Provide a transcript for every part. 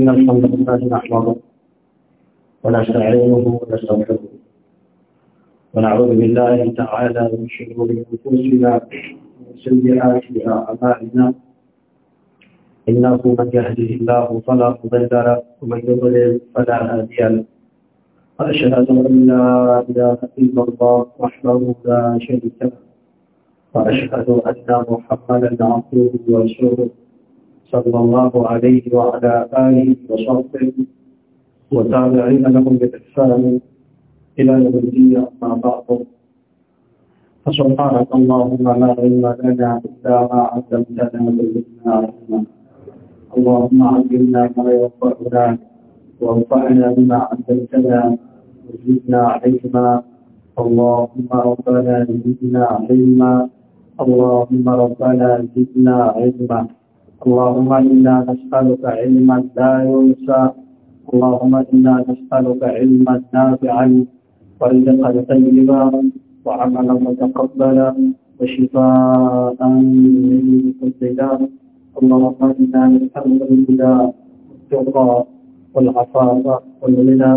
إن الحمد لله نحمده ونستعينه ونستغفره ونعوذ بالله تعالى من شرور أنفسنا ومن سيئات أعمالنا إنه من يهده الله فلا مضل له ومن يضلل فلا هادي له وأشهد أن لا إله إلا الله وحده لا شريك له وأشهد أن محمدا عبده ورسوله صلى الله عليه وعلى آله وصحبه وتابعين لهم بإحسان إلى يوم الدين أما بعد فسبحانك اللهم لا علم لنا إلا ما علمتنا وزدنا علما اللهم علمنا ما ينفعنا وانفعنا بما علمتنا وزدنا علما اللهم ربنا زدنا علما اللهم ربنا زدنا علما اللهم إنا نسألك علما لا ينسى اللهم إنا نسألك علما نافعا ورزقا طيبا وعملا متقبلا وشفاء من كل داء اللهم إنا نسألك الهدى والتقى والعفاف والغنى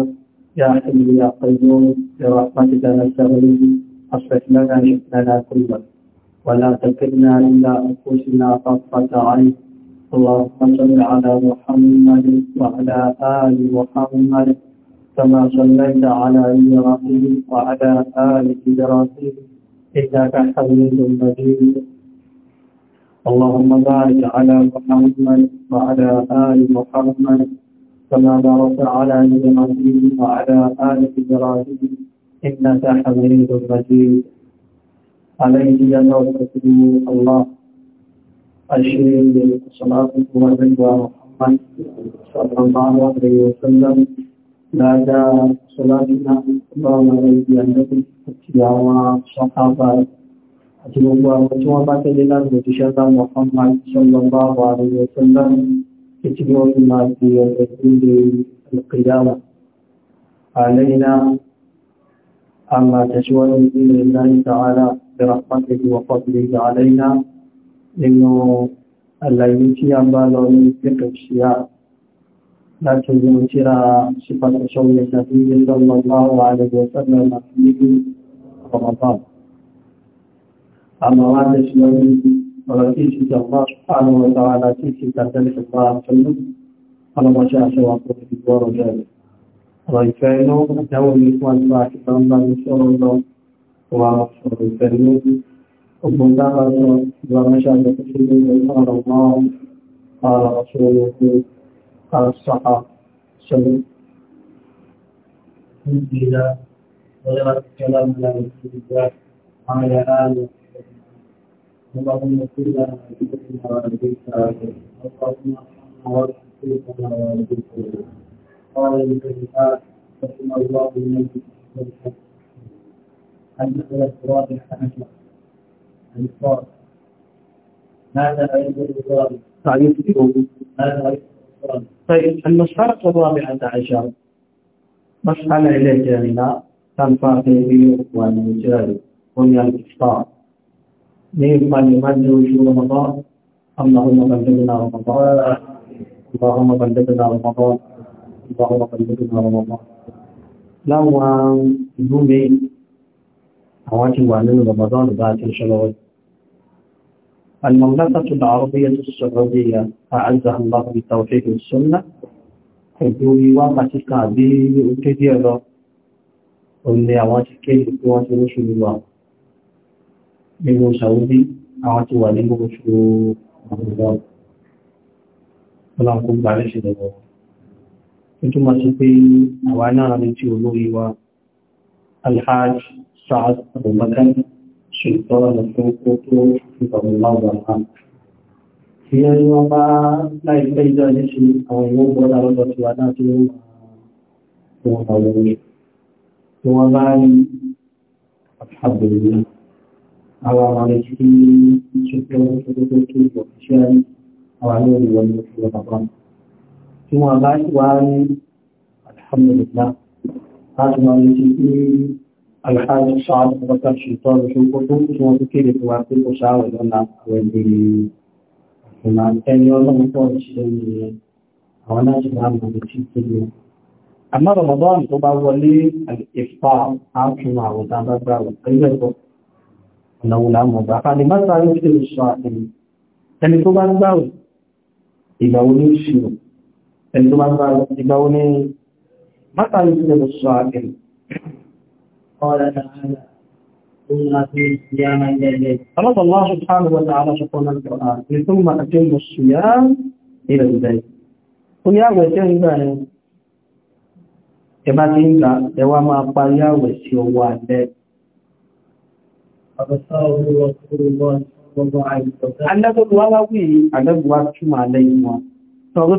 يا حي يا قيوم برحمتك نستغيث أصلح لنا شأننا كله ولا تكلنا إلا أنفسنا طرفة عين اللهم صل على محمد وعلى آل محمد كما صليت على إبراهيم وعلى آل إبراهيم إنك حميد مجيد اللهم بارك على محمد وعلى آل محمد كما باركت على إبراهيم وعلى آل إبراهيم إنك حميد مجيد عليه يدعو الله أشهد صلاة محمد ومحمد صلى الله عليه وسلم بعد صلاتنا اللهم رضي عنكم اتباع الصحابة أتبوا وتوبة لله وتشهد محمد صلى الله عليه وسلم اتباع الله في يوم القيامة علينا أما تشوى بإذن الله تعالى برحمته وفضله علينا nínú àlàyé tí a bá lọ ní pẹ̀tọ̀ síyá láti inú tíra sípàtàṣọ́ ìyẹ̀ta tí ó sọ́lọ́ láwọ́ àrẹ̀gbẹ̀ sọ́lọ́ láti nílé ọmọbáwọ̀. àmọ́ wá tẹ̀síwájú ọ̀rọ̀ tí ìsìtàmọ́ àwọn ọ̀tàwà láti ìsìtàtẹ̀lẹ̀kọ̀ọ́ àtọ́lú ọlọ́mọṣẹ́ àṣẹwàpọ̀ ìgbọ́rọ̀ jẹ́ ọ̀rọ̀ ìfẹ́ inú àtẹ́wò ní fún àjọ́ àti ومن دخل ومشهد فيه قال الله قال رسوله قال الصحابة سلم إذا بلغت الكلام على رسول الله وعلى آله اللهم صل على سيدنا وعلى اللهم وارحمنا وارحمنا قال الكلمات رحم الله من الحديث الرابع عشر ماذا أريد تعريف ماذا أريد طيب المسألة الرابعة عشر مسألة إلينا تنفع في والمجال ومن الإفطار ممن يمد وجوه رمضان اللهم بلغنا رمضان اللهم بلغنا رمضان اللهم بلغنا رمضان لو يومي أواجه وعلم رمضان بعد إن شاء الله المملكة العربية السعودية أعزها الله بتوحيد السنة حدوري وقتك به كثيرا ومن أعواتك لقوات رسول الله من سعودي أعوات والي رسول الله ولا أقوم بعيش الله ثم سبين أعوانا من تولوري الحاج سعد أبو مكان ṣètọ́nù tó kó tó ìtọ̀mọ̀lọ́gbà kan. Tí ó ní wọ́n bá láìpẹ́ ìjọ ní ṣe àwọn ìwọ́n gbọ́dá lọ́dọ̀ tí wà náà tí ó wọ́n bá wọ́n rí. Tí wọ́n bá rí ní alhamdulillah láti máa rí sí الحال الشعب وكان الشيطان وشوفته ثم تكيد توافق وشعب لنا ودي وما كان يوم ما كان شيء أو أنا شباب ما بتشتري أما رمضان طبعا ولي الإفطار عاقل مع وتابع وقيده أنه لا مضى فلماذا يفطر الصائم؟ ẹni tó bá ń gbàwẹ̀ ìgbà wo ní ìṣirò ẹni tó bá ń gbàwẹ̀ ìgbà wo ní mátàlú sílẹ̀ lọ́sọ̀ àgbẹ̀rẹ̀ قال تعالى ثم الصيام إلى الليل فرض الله سبحانه وتعالى شكرنا القرآن ثم أتم الصيام إلى الليل قل يا ويتين بارك Ẹbá ti ń ga ẹwà máa parí àwẹ̀ sí ọwọ́ alẹ́. Àbẹ̀sá orí ọkùnrin lọ́wọ́ gbogbo àìsọ̀tẹ́. Alẹ́gbogbo wá wáwí àlẹ́gbogbo wá túnmà lẹ́yìn wọn. Sọ̀rọ̀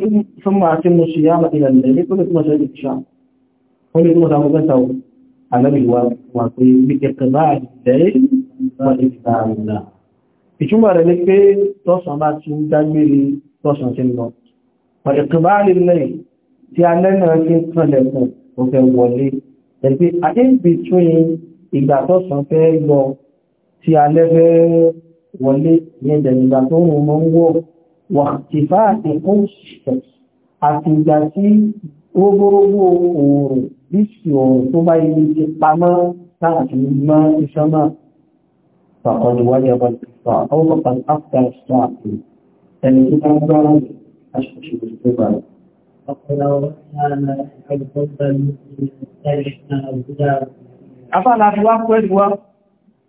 tún alábìwà wà pé ìgbẹ́kẹ̀kẹ̀bá ìtẹ́rẹ́ wọ́n ìgbà àrùnà. ìtumọ̀ rẹ̀ ní pé tọ́sàn bá ti ń dágbére tọ́sàn ti ń lọ. ọ̀dẹ̀kẹ̀bá lílẹ̀ tí a lẹ́nà ti ń kànlẹ̀kùn òfẹ́ wọlé ẹ̀gbẹ́ adébìtúyìn ìgbà tọ́sàn fẹ́ lọ tí a lẹ́fẹ́ wọlé yẹn dẹ̀gbà oòrùn bí ṣòro tó bá ilé ti pamọ́ láti mọ́ iṣẹ́ náà فقد وجب الكفار أو فقد أفضل الصاحب فلكي أفضل أشخص بالكبر فقلوا أنا الحب المسلم ترشنا الهدى أفعل أخلاق وجوة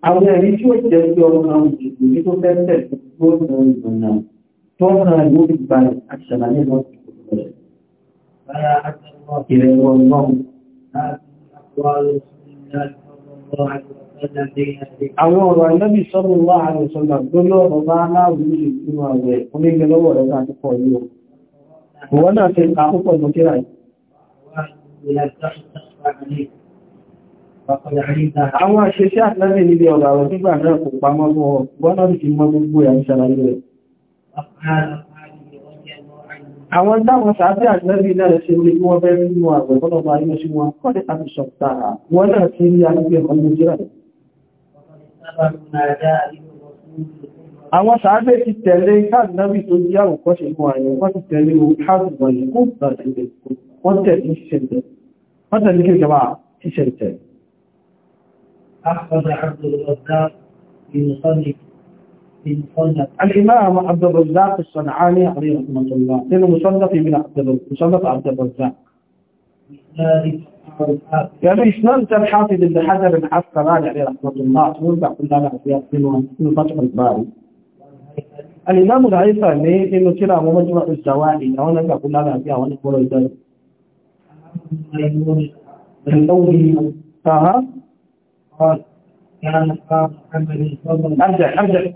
àwọn ẹ̀rí tí ó jẹ́ sí ọmọ òṣèlú ní tó fẹ́ẹ̀fẹ́ tó ọ̀nà ìgbọ̀nà tó ọ̀nà ìwò ìgbàlẹ̀ àṣàlàyé lọ́pùpù rẹ̀. ìrẹ̀wọ̀n náà Àwọn ọ̀rọ̀ àìlẹ́bì sọ́rọ̀ wá àwọn ìṣọ́lá gbọ́lọ́ ọ̀rọ̀ bá aláwọ̀ ní ìpínlẹ̀ àwẹ̀ onígbẹ̀ lọ́wọ́ rẹ̀ láti pọ̀ ní Wọ́n náà tẹ àkópọ̀ ìmọ̀kíra yìí. Àwọn àṣẹṣẹ́ àwọn àwọn táwọn sàábí àjẹ́rí lẹ́rẹ̀ sí orí wọ́n bẹ́ nínú àwẹ̀ bọ́lọ̀bọ̀ ayé sí wọn kọ́lẹ̀ àti sọ̀tàrà wọ́n náà tí rí agbẹ́ ọmọ jẹ́ àwọn الإمام عبد الرزاق الصنعاني عليه رحمة الله من مصنف من عبد الرزاق مصنف عبد الرزاق يعني كان حافظ ابن حجر العسقلاني عليه رحمة الله ويرجع كلنا في فتح الباري الإمام الهيثمي إنه كلا مجمع الزوائد هنا نرجع كلنا فيها ونقول كل الزوائد الأول أها أرجع أرجع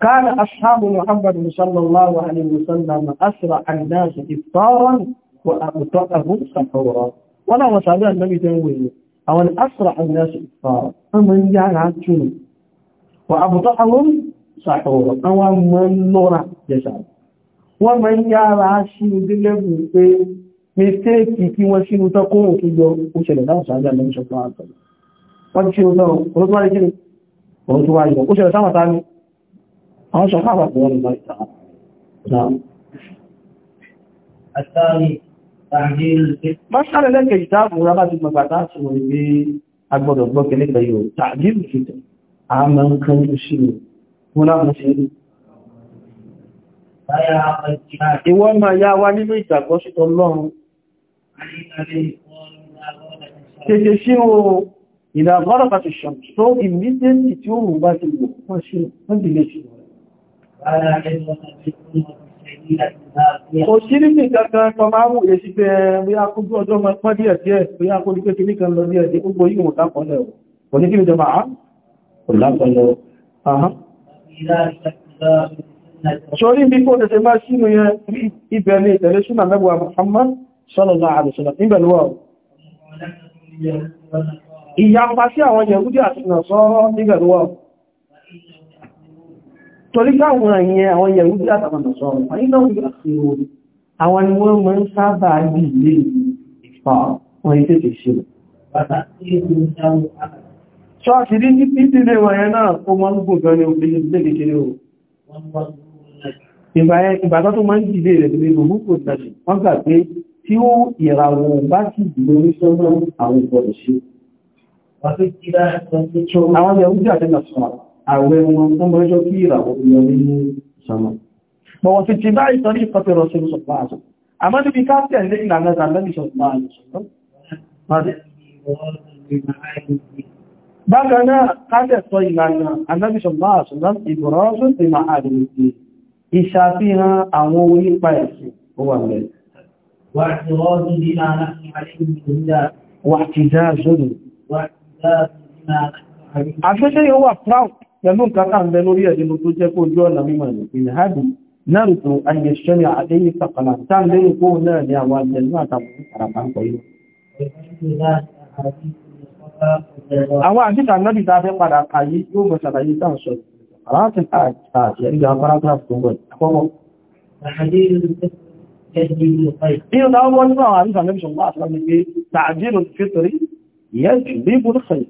كان أصحاب محمد صلى الله عليه وسلم أسرع الناس إفطارا وأبطأهم سحورا ولا وصابع النبي تنويه أو أسرع الناس إفطارا فمن يعلى جنوب وأبطأهم سحورا أو من نورا يسعد ومن يعلى شنو دلبو في مستيكي كي وشنو تقوم كي جو وشنو دعو سعجع النبي صلى الله وشنو دعو ورسوا عليكي ورسوا عليكي وشنو سامة تاني àwọn sọ̀hábà kò wọ́n lọ ìtàn náà àtàrí Mọ́ṣálẹ̀ lẹ́kẹ̀ẹ́ ìdáàbò rábá ti gbogbo àtàṣì wọ́n gbé agbọ́dọ̀ gbọ́kẹ̀ lẹ́gbẹ̀ yóò tàbí ìfìtẹ̀ àmà ń kan ní sí rẹ̀. Wọ́n láwọn ṣe rí. Ìwọ́n máa yá wá nínú ìgbàgbọ́ sí Ọlọ́run. Tètè sí o ìdàgbọ́rọ̀ pàtàkì ṣàn tó ìmídẹ́ntì tí ó rùn bá ti wọ̀ wọ́n sí wọ́n dìlé sí wọ́n. Kò sí ní ní kankan kan máa wù lè sí pé bí a kójú ọjọ́ máa pọ́ díẹ̀ díẹ̀ bí a kó ní pé kí ní kan lọ díẹ̀ díẹ̀ gbogbo yíò dápọ̀lẹ̀ ò. Kò ní kí ní jọba àá? Kò Muhammad sallallahu alaihi wasallam níbẹ̀ lọ́wọ́. Ìyapa sí àwọn Yẹ̀húdí àti Nàṣọ́rọ́ níbẹ̀ lọ́wọ́ torí káwọn àyẹn àwọn yẹ̀rúdí àtàwọn ọ̀sọ̀rọ̀ àwọn ni wọ́n mọ́ ń sábà ní ilé ìfà wọn ìfẹ́ tẹ̀ ṣe ṣọ́ọ̀ṣì rí ní pípínlẹ̀ wọ̀nyẹn náà ó mọ́ ń gùn gan ní obìnrin lè kékeré o ìbàtọ́ tó mọ́ ń jìlé rẹ̀ lórí gbogbo kò tàbí wọ́n gbà pé tí ó ìràwọ̀ bá sì lórí sọ́nà àwọn ìgbọ̀rọ̀ ṣe àwọn ìyàwó jẹ́ àtẹ́nà sọ́nà àwẹ̀ wọn tó mọ́jọ́ kí ìràwọ̀ yọ nínú sọmọ̀. bọ̀wọ̀ sí ti bá ìtọ́rí ìkọ́tẹ̀ rọ̀ sí ìṣọ̀pá àṣọ àmọ́ níbi káàkiri ilé ìlànà ìlànà ìṣọ̀pá àṣọ bákan náà káàkiri sọ ìlànà anábìṣọ̀pá àṣọ láti ìbọ̀rọ̀ọ́sùn ti máa àdìrìsì ìṣàfihàn àwọn onípa ẹ̀sìn ó wà mẹ́rin واعتراض بما نحن عليه من الله واعتزاز واعتزاز بما نحن عليه عشان شيء هو proud pẹ̀lú nǹkan ká ń bẹ lórí ẹ̀dínú tó jẹ́ kó ojú ọ̀nà mímọ̀ ìpínlẹ̀ hajj náà tó ayẹ̀ṣẹ́ni àdéyí kàkàlà tá ń lẹ́yìn kó náà ní àwọn àjẹ̀lú àtàwọn àràbà ń pẹ̀lú. àwọn àjíkà náà dìta fẹ́ padà kàyí yóò bọ̀ ṣàlàyé tán sọ aláàtìn àjẹ́ ìgbà paragraph tó bọ̀ àkọ́kọ́. Inú ta wọ́n nínú àwọn àrífà lẹ́bí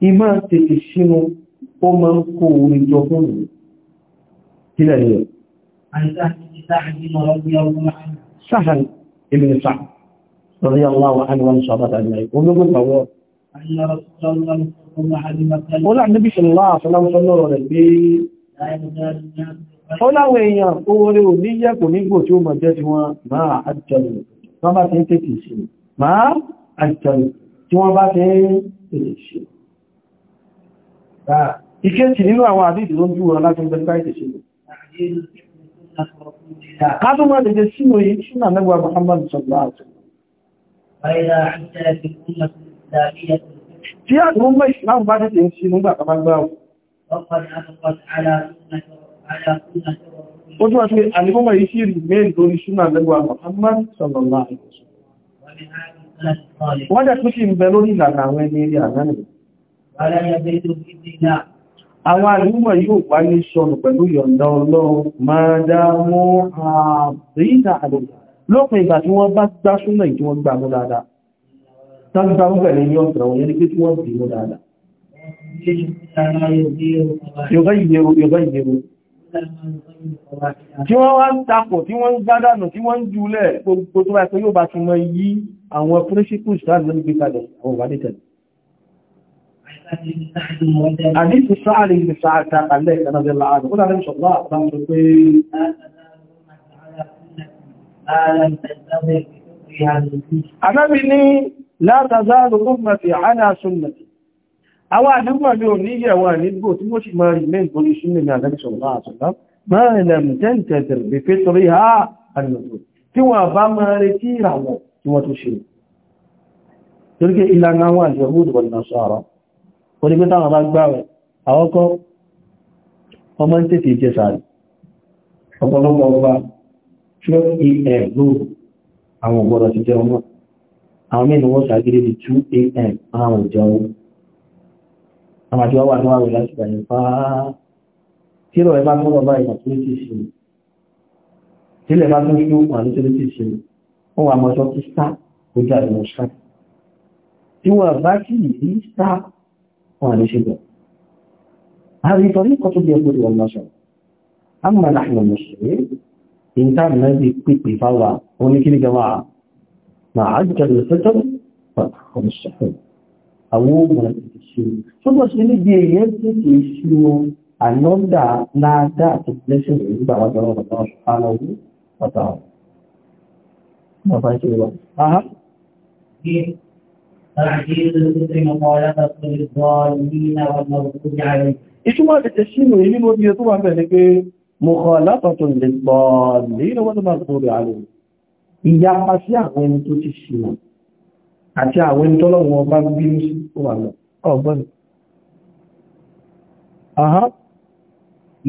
ìmọ̀ tètè sínú ó máa ń kó orí jọ fún mi kílẹ̀ ni ẹ̀. sáhàn ibi ni sáà lórí aláwọ̀ àwọn sọ́bàtà ní ẹ̀ ológun pàwọ́ ó láà níbi ṣùgbọ́n àfọlámsọ́ lọ́rọ̀ rẹ̀ pé ó láwọ̀ èèyàn oore ò ní yẹ́ kò nígbò tí ó mọ̀ jẹ́ tí wọ́n máa àjọlù wọ́n bá ti ń tètè sí máa àjọlù tí wọ́n bá ti ń tètè sí ìkéjì nínú àwọn àdíjì ló ń júwọ láti ọjọ́ ìgbà ìtẹ̀ṣẹ́ lọ. Kádùn máa dẹ̀dẹ̀ sínú yìí ṣí náà lẹ́gbà Muhammad sallallahu alaihi wasallam. Tí a gbọ́n mẹ́ ìṣìláàmù bá dẹ̀dẹ̀ ń sí nígbà kàbá gbá ó túnmà sí àlìkọ́mọ̀ yìí sí rí mẹ́rin lórí súnà lẹ́gbà Muhammad sallallahu alaihi wasallam. Wọ́n jẹ́ tó sì ń bẹ lórí ìlànà àwọn ẹni eré àgbánà àwọn àlúmọ̀ yóò wá ní ṣọ́nù pẹ̀lú yọ̀ǹda ọlọ́run máa dámú àbíyà àdọ̀gbà lópin ìgbà tí wọ́n bá gbá súnmọ̀ ìtí wọ́n gbàmú dáadáa tán gbàmú pẹ̀lú ní ọ̀pẹ̀ òun ní pé tí wọ́n bìí mú dáadáa tí wọ́n wá ń tapọ̀ tí wọ́n ń gbádànù tí wọ́n ń jùlẹ̀ gbogbo tó bá ẹ̀kọ́ yóò bá túnmọ̀ yí àwọn principles láti lórí gbé kalẹ̀ àwọn ìbádẹ́tẹ̀lẹ̀ أبي سؤال من سؤال ثاق عليك أنا ذي الله عادي قل أنا مش الله أنا مش الله أنا بني لا تزال أمتي على سنتي أو أدوما بيوني يواني بوت مش ماري من بني سنة ما لم شاء أنا صلى ما لم تنتظر بفطرها النزول توا فماري تيرا مو توا تشير تلك نوال يهود والنصارى ó ní pé táwọn bá gbáwẹ̀ àwọ́kọ́ ọmọ ń tètè jẹ sàárì ọ̀pọ̀lọpọ̀ ọba 12am ló àwọn ọ̀gbọ̀dọ̀ ti jẹ ọmọ àwọn mẹ́nu wọ́n ṣàgídé di 2am àwọn ìjọun àwọn àti wáwà níwáwẹ̀ láti gbàyẹ̀ fáá tí ìrọ̀ ẹbá tó bàbá ìgbà tó ti ṣe tí ilẹ̀ bá tó ṣe wà ní tó ti ṣe wọ́n wọn lè ṣe bẹ̀. هذه طريقة اليهود والنصارى أما نحن المسلمين إن كان الذي قد فوا ونكل جماعة مع عجل الفطر فأخذ السحر أو من التسير ثم سنين بيئات تسير أنودا لا دا تبلسل عند وجل الله سبحانه وتعالى ما فايت الله أها تعجيل الفطر مخالفة للظالمين والمغضوب عليهم ìtumọ̀ ìtẹ̀ṣínú ilé ló bí ẹ̀tọ́ wà bẹ̀rẹ̀ pé mọ̀kànlápàtàn lè gbọ́ọ̀lẹ́ ìrọwọ́n máa gbọ́rẹ̀ àrùn ìyapa sí àwọn ẹni tó ti ṣìnà àti àwọn ẹni tọ́lọ́wọ́ bá bínú sí wà lọ ọgbọ́n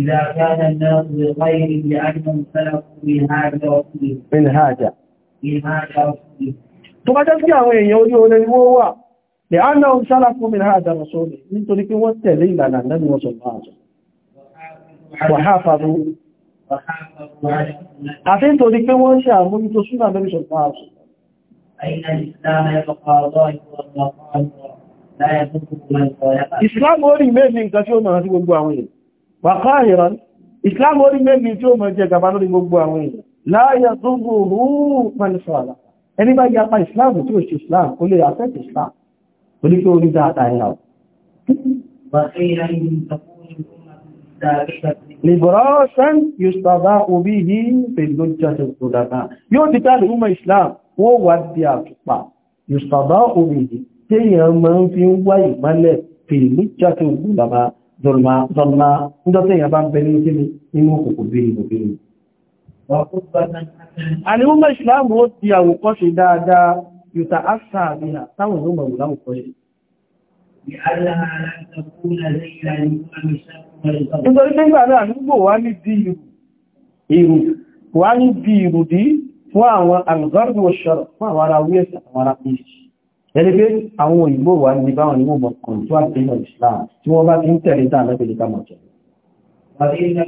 إذا كان الناس بخير لأنهم سلكوا من هذا رسوله من هذا رسوله tó bá jẹ́ sí àwọn èèyàn orí orí ni wọ́n wà lè á náà sára fún mi láàdá rọ̀sọ́lẹ̀ nítorí pé wọ́n tẹ̀lé ìlànà lẹ́nu wọ́n sọ̀rọ̀ àjọ wàháfàrú àti nítorí pé wọ́n ṣe àmójútó súnà lẹ́nu sọ̀rọ̀ àjọ Ìsìláàmù orí mẹ́rin nǹkan tí ó mọ̀ sí gbogbo àwọn èèyàn. Wàkọ́ àìrán, orí mẹ́rin tí ó mọ̀ jẹ gàbá lórí gbogbo àwọn èèyàn. Láyé tó gbòòrò mẹ́rin sọ́ọ̀lá ẹni bá yà pa ìsìláàmù tí ó ṣe ìsìláàmù ó lè àfẹ́ẹ̀tì ìsìláàmù ó ní pé orí dáadáa ẹ̀yà ọ̀. Liberation Yustaba obi yìí pẹ̀lú jẹ́sẹ̀ ìgbòdàgbà. Yóò ti tàbí ọmọ Islam, ó wà bí àtùpà. Yustaba obi yìí tí èèyàn máa ń fi ń wá ìmọ́lẹ̀ pẹ̀lú jẹ́sẹ̀ ìgbòdàgbà, Zọlma, ń dọ́tẹ̀ èèyàn bá ń bẹ nínú kí ni, òkùnkùn bí i Àlèúmọ̀ ìṣìláàmù ó ti àwòkọ́ṣe dáadáa yóta áṣà àbíhà táwọn ìlú mọ̀rún láwòkọ́ṣe. Nítorí pé ìgbà náà nígbò wá ní bí ìrù, wá ní bí ìrù dí fún àwọn àgbàrùn òṣèrọ̀ fún àwọn ará wíẹ̀ àwọn ará pèsè. Ẹni pé àwọn òyìnbó wà ní báwọn ìwò mọ̀kàn tó àti ìlọ̀ ìsìláà tí wọ́n bá ti ń tẹ̀lé dáa lẹ́bẹ̀lẹ́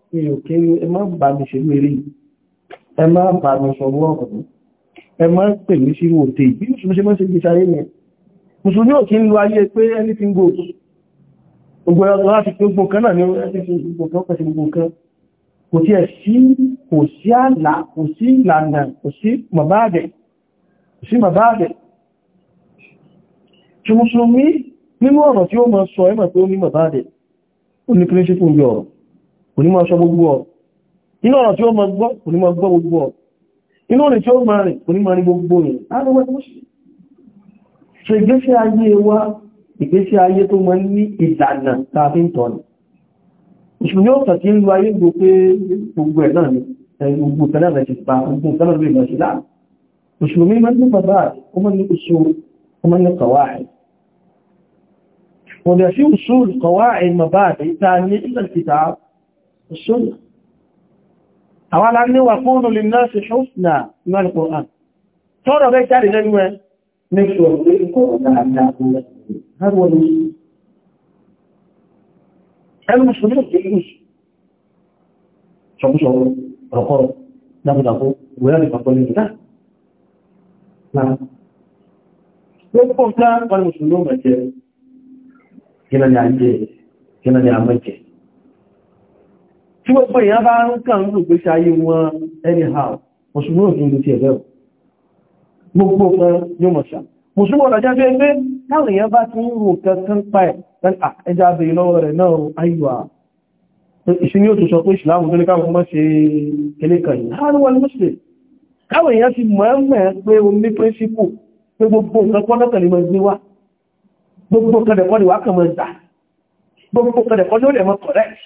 mi ò kéré ẹ má bà mí ṣe lórí ẹ má bà mí sọ̀rọ̀ ọ̀rọ̀ ẹ má pè mí sí mùsùlùmí lo ayé pé anything goes gbogbo ẹ̀rọ láti pé gbogbo kan náà ní anything gbogbo kan pẹ̀sẹ̀ gbogbo kan kò tí ẹ̀ sí kò sí àlà kò sí ìlànà kò sí màbáàdẹ̀ kò sí màbáàdẹ̀ tí mùsùlùmí nínú ọ̀rọ̀ tí ó mọ̀ sọ kò ní máa sọ gbogbo ọ̀ inú ọ̀rọ̀ tí ó máa gbọ́ kò ní máa gbọ́ gbogbo ọ̀ inú ọ̀rọ̀ tí ó máa rìn kò ní máa rí gbogbo rìn láàrínwẹ́ tó ṣe so ìgbésí ayé wa ìgbésí ayé tó máa ní ìlànà ta fi ń tọ̀ ní ìṣùn yóò tàbí ń lo ayé gbò pé gbogbo ẹ̀ náà ni gbogbo tẹ́lẹ̀ ti pa gbogbo tẹ́lẹ̀ lè lọ sí láàrín mùsùlùmí máa ń ní bàbá ó máa ní ìṣó ó máa ní kọ̀wáì wọ̀dẹ̀ sí ìṣó kọ̀wáì màbá àti ìta ní ilẹ̀ kìtàbù السنة أولا أنه وقول للناس حسنى من القرآن ترى بيت تاري جنوة نفسه هذا هو المسلم المسلمين يجوز شمسه رقر نبدأ ويالي فضلين ده نعم يقول فلان والمسلمون مجال كما نعمل كما نعمل tí gbogbo èèyàn bá ń kàn ń lò ṣayé wọn anyhow mùsùlùmí òfin ló ti ẹ̀bẹ̀ gbogbo kan yóò mọ̀ṣà mùsùlùmí ọ̀nà jáde pé táwọn bá ti ń rò kankan pa ẹja ah, kan yìí láàrin wọn mùsùlùmí káwọn èèyàn ti mọ̀ ẹ́mẹ̀ pé o ní píríncípù pé gbogbo nǹkan pọ́nọ́kàn ni mo gbé wá gbogbo kẹ̀dẹ̀kọ́ ni wà kàn mọ́ gbà gbogbo kẹ̀dẹ̀kọ́ ni ó lè mọ́ correct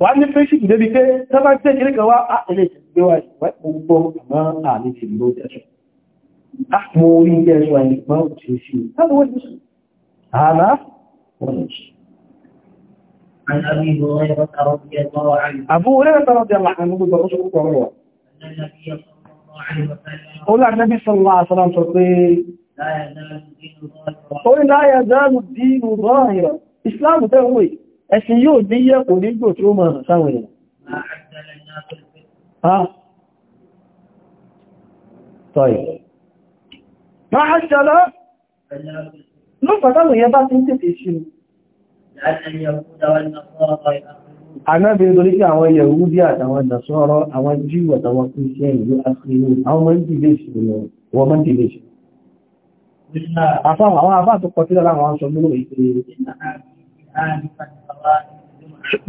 wà ní friendship débi pé tọ́bá tẹ́ kìrì kan wá àtẹ́lẹ̀ ìgbé wà ìgbọ́ àmá àmì ti ló jẹ́ṣọ́ àmọ́ orí jẹ́ṣọ́ àìgbá òtí sí Abu Hurairah radhiyallahu anhu gbogbo ọ̀ṣọ́ púpọ̀ rọ̀. Ó láàrín Nabi sallallahu alaihi wasallam sọ pé, "Ó ní láyé dáàrù dínú bọ́ọ̀hìrọ̀, Ìsìláàmù tẹ́wọ́ yìí, ẹ̀sìn yóò ní yẹ́ kò ní gbò tí ó máa sáwọn èèyàn máa ṣẹlẹ̀ lọ́pàá yẹn bá ti ń tètè ṣe Anábi nítorí kí àwọn Yẹ̀húdí àtàwọn ìdàṣọ́rọ̀ àwọn Jíù àtàwọn Kìrìsìyàn ìlú Afrilu, àwọn mọ́ ń dìlé ìṣìlò wọ́n mọ́ ń Àwọn àfáà tó kọ sílẹ̀ láwọn aṣọ múlò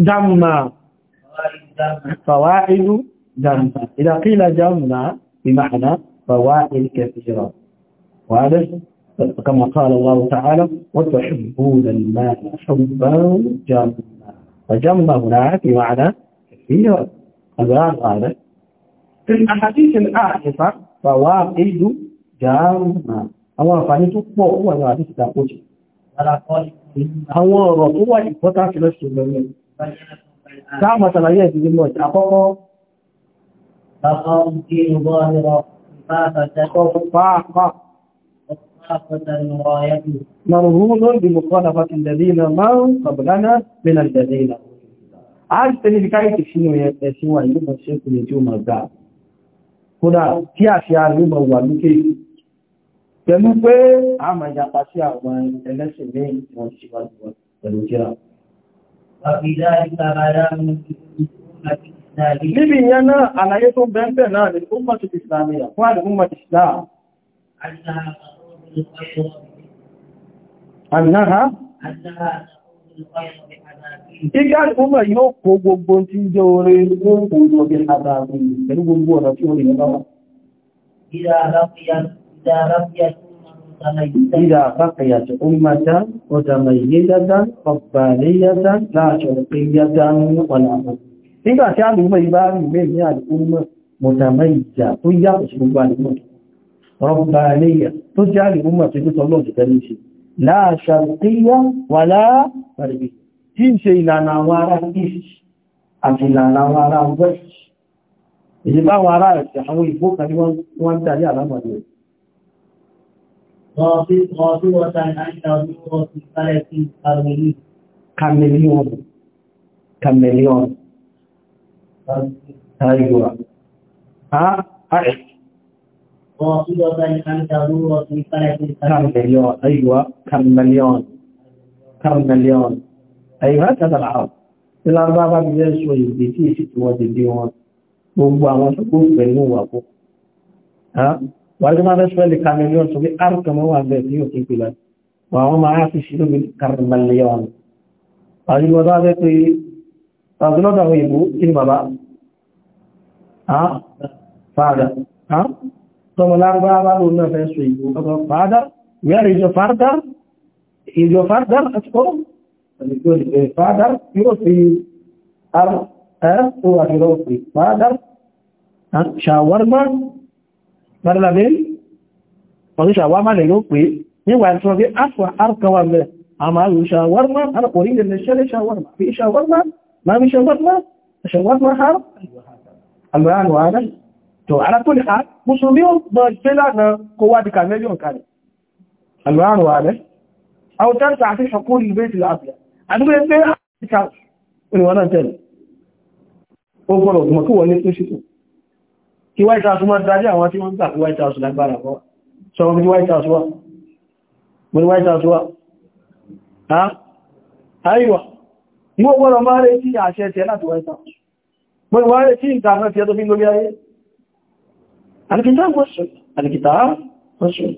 دم فوائد دم إذا قيل جمع بمعنى فوائد كثيرة وهذا كما قال الله تعالى وتحبون الماء حبا جما فجما هناك بمعنى كثيرة الآن هذا في الأحاديث الآخرة فوائد جامع أو فانيت فوق وذلك تقول àwọn ọ̀rọ̀ tó wà important lọ́sùn lọ́rọ̀ táàmà sàlàyé ìdílé mọ̀ àkọ́kọ́ مرهون بمخالفة الذين مروا قبلنا من الذين عارف تاني بكاية تفشينه يتشوى يبقى الشيخ اللي جو مرضى هنا كيف يعني يبقى هو pẹ̀lú pé a máa yapa sí àwọn ẹlẹ́sìn ní ìwọ̀n síwájú wọn pẹ̀lú jíra. Níbi ìyẹn náà, àlàyé tó bẹ́ẹ̀ náà ni ó mọ́tí ìsìlámìyà fún àdìgún mọ́tí ìsìláà. Àmìnáha? Igá ìgbómọ̀ yóò kó gbogbo tí jẹ́ orí ó kó gbogbo bí àdáàrí pẹ̀lú gbogbo ọ̀nà tí ó rí lọ́wọ́. Ìdá àlàáfíà إذا بقيت أمة متميزة ربانية لا شرقية ولا nígbà tí àdúgbò ìbá ìgbé ní àdúgbò mọ̀tàmà ìjà tó yàtọ̀ sí gbogbo àdúgbò rọ̀bà àríyà tó jẹ́ àdúgbò tó tó tọ́lọ̀ jẹ́ tẹ́lú ṣe láàṣàríyà wà láàrẹ̀bí tí ń ṣe ìlànà àwọn ará east àti ìlànà àwọn Kamilion. Kamilion. Aywa. Ha? Aish. كارمليون أيوة كارمليون كارمليون أيوة هكذا العرب الأربعة بعد ذلك شوي بديتي ست وديون وبعض وبعض وبعض ها wàrí máa rẹ́sùwẹ́ lè kàmílíọ̀n tó bí arkama wà bẹ̀ tí yóò kí pìlá wà wọ́n máa fi ṣílò bí kàrìmàlíọ̀n wàrí wọ́n dáa bẹ́ pé tàbílọ́dà òyìnbó kí ni bàbá fàádà tọmọ lárúbáwá ló father, fẹ́ sọ ìbò ọkọ̀ fàádà wẹ́rẹ̀ ìjọ fàádà ìjọ fàádà àtìkọ́ fàádà yóò fi ar ẹ́ tó wà ní lọ́wọ́ pé fàádà ṣàwármà lọ́dọ́lọ́bẹ̀ẹ́lì ọdúnṣà wá máa lè ló pé níwà tí wọ́n fi áfà àrùkọwà mẹ́ àmà àrùṣàwármá àrùkọrí lè ṣẹlẹ̀ ṣàwármá fi ṣàwármá máa fi ṣàwármá ṣàwármá har alùránù ààrẹ tó ara tó lè ha musulmi ó bọ̀ ṣe lánà kó wá di kàmẹ́lì ọ̀kàrẹ̀ alùránù ààrẹ àwùjá ta àfi ṣàkórí ìwé ìtìlẹ̀ àbíyà àdúgbò ẹgbẹ́ àti ah, ká òníwọ̀n náà tẹ̀lé ó gbọ́dọ̀ mọ̀ kí wọ́n ní tó ṣètò kí white house máa dájú àwọn tí wọ́n gbà kí white house lágbára kọ́ sọ wọ́n bí white house wá bí white house wá ha àríwá mú gbọ́nà máa rẹ̀ tí àṣẹ tẹ́ láti white house mọ́ ìwá rẹ̀ tí ìtàkàn tí ẹ tó fi lórí ayé alìkìtà mọ́sùn alìkìtà mọ́sùn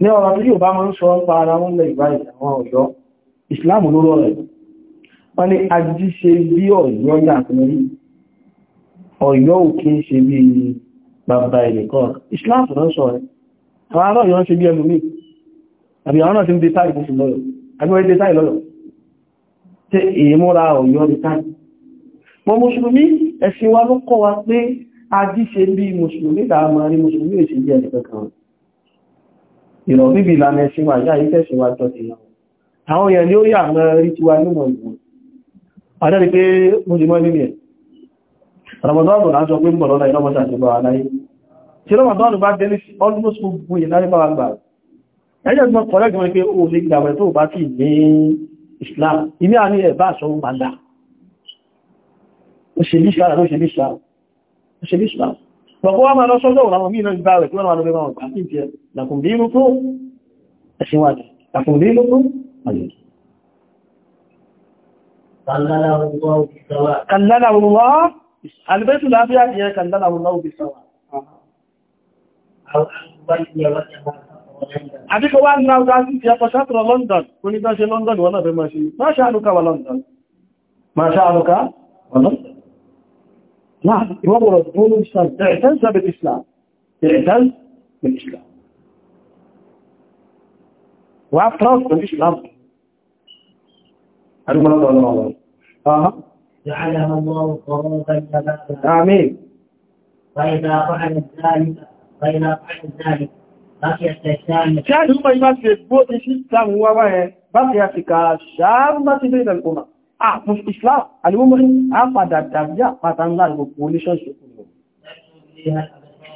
ní ọ̀rọ̀ tí yóò bá ń wọ́n ni ọ̀yọ́ òkè ṣe bí bàbá ìrìnkọ́ islam rán sọ rẹ̀ àwọn ará ọ̀yọ́ ṣe bí ẹnu mí àbí àwọn náà ti ń dé táì fún lọ́yọ̀ àbí wọ́n dé táì lọ́yọ̀ tí èémúra ọ̀yọ́ dé táì mọ́ mùsùlùmí ẹ̀sìn wa ló kọ́ wa pé ají ṣe bí mùsùlùmí dáàmà rí mùsùlùmí èsì bí ẹnì kankan ìrọ̀ níbi ìlànà ẹ̀sìn wa yáà ìfẹ́ sí wa jọ ti lọ àwọn èèyàn ni ó yà mọ́ rí tiwa nímọ̀ ìwọ̀n àdẹ́rì pé mo ramadanu náà jọ pé ń bọ̀ lọ́la iná mọ́ta àti bàwà láyé tí ramadanu bá dé ní almost gbogbo ìlàrí bàwà gbà Islam ilé àní ẹ̀ bá sọ mọ́lá òṣèlú Islam bọ̀kọ́ wá máa lọ sọ́jọ́ òlàmọ̀ mí náà gbàwẹ̀ tí wọ́n máa lọ bẹ́ máa gbà sí ìjẹ́ làkùnbí inú tó ẹ̀ṣíwájú làkùnbí inú Kàlálà Allah albẹ́tù lábí àdìyàn kan dára wọn náà bí sọ́wọ́ àdíkọ̀ wá ní náà dájú ti ẹkọ̀ sátọ̀rọ̀ London kò ní dáṣe London wọ́n náà bẹ máa ṣe máa ṣe àlùkà wà London máa ṣe àlùkà wà London náà ìwọ́bọ̀rọ̀ gbọ́nà Islam ẹ̀ẹ̀tẹ́n sábẹ̀ Islam ẹ̀ẹ̀tẹ́n Islam wà proud of Islam Adúgbọ́n lọ́wọ́ lọ́wọ́. جعلها الله قروضا ثباتا آمين فإذا فعل ذلك فإذا فعل ذلك Ṣáàrùn ma ìmá ṣe bó ti ṣí ìsìláàmù wá wáyẹ bá ti yà fìkà ṣáàrùn bá ti bèèrè ìdàlùkọ́mà. À fún ìsìláàmù, alìwọ́mọ́rí, a padà dàbí àpáta ńlá gbogbo oníṣọ́ṣù.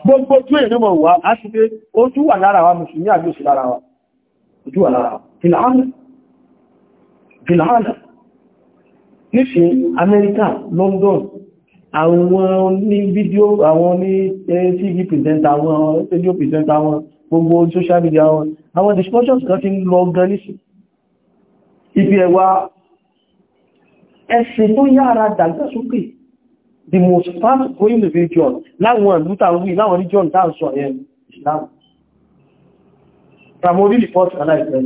Gbogbo tí èdè mọ̀ wá, a ṣe pé ó tún wà lára wa Mùsùlùmí àjọ́sì lára wa. Ojú wà lára wa. Fìlàánà. Fìlàánà níṣe Amẹ́ríkà London àwọn ní fídíò àwọn ní tv presenter wọn radio presenter wọn gbogbo social media wọn àwọn discussions kan ti ń lọ gan níṣe ibi ẹwà ẹ̀sìn tó yára dàgbàsókè the most fast growing religion láwọn ìlú tàwí láwọn region dáà sọ ẹ̀ Islam primary report aláìsẹ̀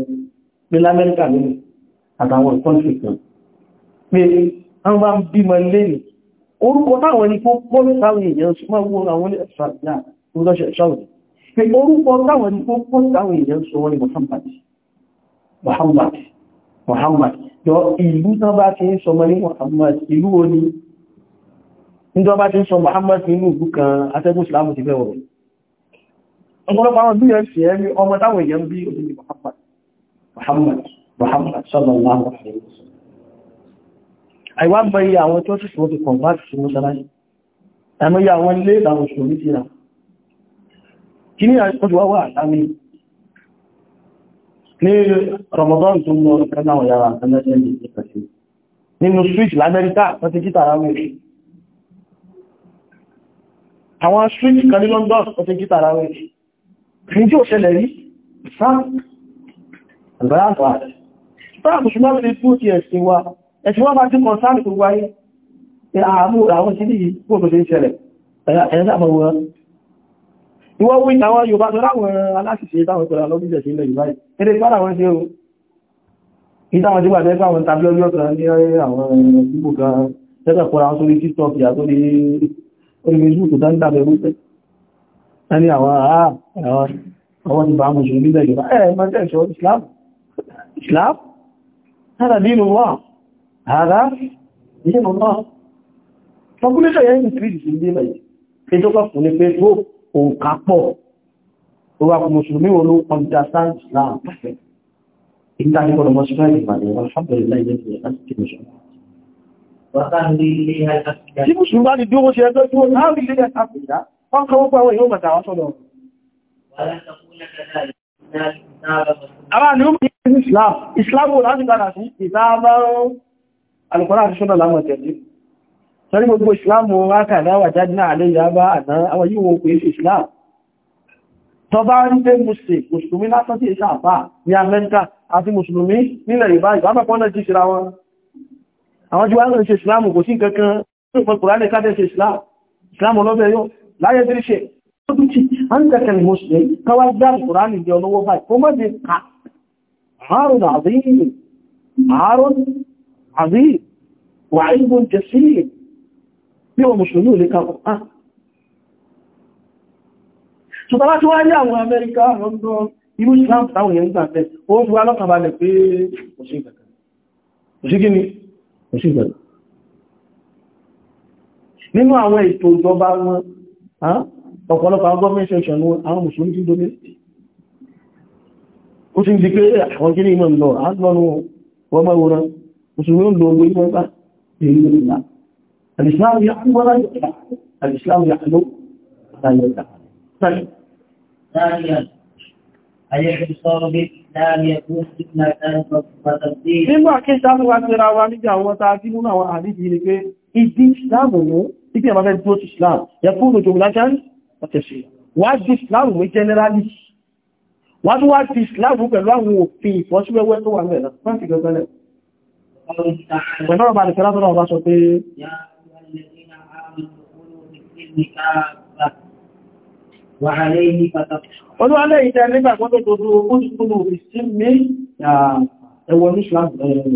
ní Amẹ́ríkà nínú àtàwọn country pé àwọn bá ń bímọ lẹ́nì orúkọ táwọn ní pọ́pọ́lù táwọn èèyàn sọ máa wọ́n àwọn ẹ̀sàdá lọ́ṣẹ̀ ṣáwọ̀dì pé orúkọ táwọn ní pọ́pọ́lù táwọn èèyàn sọ wọ́n ni Muhammad Muhammad Muhammad yọ ìlú tán bá ti ń sọ mọ́ Muhammad ìlú o ní níjọ bá ti ń Muhammad nínú ìlú kan atẹ́gùn Islam ti bẹ̀rẹ̀ rẹ̀ ọ̀pọ̀lọpọ̀ àwọn bí yẹn fi ẹ̀rí ọmọ táwọn Muhammad Muhammad Muhammad sallallahu alaihi wasallam àìwá mọ iye àwọn tó sì wọ́n ti kàn bá ti wọ́n sáláṣì àmọ́ iye àwọn ilé ìlànà òṣèlú ní tìra kí ní àjọ́jú wà àtàmì ní Ramadan tó mọ́ ọ̀pẹ́láwọ̀ yàrá àtàmẹ́sẹ̀ ní ìpàṣẹ nínú street lamẹ́ríkà wọ́n ti kíta ara wẹ̀ àwọn street kan ní London wọ́n ti kíta ara wẹ̀ kí tí ó ṣẹlẹ̀ rí sáà àgbáyàtọ̀ àti sáà ẹ̀sùn wọ́n bá tí kọ̀ sáàrì tó wáyé ààbò àwọn sí níyí kó tó ṣe ń ṣẹlẹ̀ ẹ̀yàsàmọ̀wọ́n ìwọ́ wí àwọn Yorùbá tó láwọn aláṣìṣe táwọn ìpẹ̀lẹ̀ alọ́bíṣẹ̀ sí ilẹ̀ Yorùbá ẹ̀rẹ́ pàdà wọ́n ṣe ohun ìtàwọn tí wà tẹ́gbà wọn tàbí ọjọ́ kan ní àwọn ìgbò kan tẹ́gbà pọ̀ra wọn sórí TikTok yàtọ̀ ní orí Facebook tó ń dàbẹ̀ rúpẹ́ ẹni àwọn àwọn ti bá mùsùlùmí ilẹ̀ Yorùbá ẹ̀ẹ́ mọ́ هذا دين الله population yẹn increase sí ilé ẹ̀yẹ ètò kan fún ní pé tó òǹkà pọ̀ tó wà fún mùsùlùmí wọn ló understand Islam perfect ìtàkì kọ̀dọ̀ mọ́sílá ìgbàlẹ̀ alhamdulillah ilẹ̀ ìgbàlẹ̀ láti kí mùsùlùmí tí mùsùlùmí bá ní dúró ṣe ẹgbẹ́ dúró láàrin ilẹ̀ àpìdá wọ́n kọ́ wọ́pọ̀ àwọn èèyàn mọ̀ta wọ́n sọ́dọ̀ Àwọn àníwò ní Islam, Islam wò láti gbára sí ìdáàbárún alùkọ́rá àti ṣọ́nà láwọn tẹ̀lé sọ́rí gbogbo ìsìláàmù wákàdáwà jádínà àlẹ́yà bá àná àwọn yíò wọ́n pèsè ìsìláàmù tó bá ń pé mùsùlùmí mùsùlùmí lásán tí ìṣà àpá ní amẹ́ríkà àti mùsùlùmí nílẹ̀ ìbá ìbábàpọ̀ náà ti ṣe ra wọn àwọn jíwá ń ṣe ìsìláàmù kò sí kankan tó pọ̀ kùránì káfẹ́ ṣe ìsìláàmù lọ́bẹ̀ yóò láyé tí عظيم وعيب جسيم يوم مشلول لك القرآن ṣùgbọ́n tí wọ́n ní àwọn Amẹ́ríkà lọ́dọ́ irú Islam táwọn èèyàn gbà tẹ́ ó ń fi wá lọ́kàn balẹ̀ pé òṣìgbẹ̀kẹ̀ òṣìgbẹ̀kẹ̀ nínú àwọn ètò ìjọba wọn ọ̀pọ̀lọpọ̀ àwọn government section àwọn mùsùlùmí ti domin ó ti ń musulmi lo owó ilẹ̀ bá èyí ìlà alìsìláàmù yà ń wọ́n láyé ìlà alìsìláàmù yà ló láyé ìlà Nígbà kí ìṣàmù wá tẹ́ra wa nígbà àwọn tàà tí múnà àwọn àdíjì ní pé ìdí ìṣàmù mú ìpí àmà fẹ́ tó ti ìṣàmù yẹ fún òjò lájárí ọ̀tẹ̀ṣe. Wà jí ìṣàmù mú jẹ́nẹ́rálì. Wà tó wá ti ìṣàmù pẹ̀lú àwọn òfin ìfọ́síwẹ́wẹ́ tó wà mẹ́rin Ọ̀nà ọba nìkẹ́lá tọ́nà ọba sọ pé, Olúwa lẹ́yìn tẹ́ nígbà gbọ́dọ̀ tó dúró, ó ti kúrò sí mi ẹwọ ní ṣláàbù ẹ̀rẹ̀.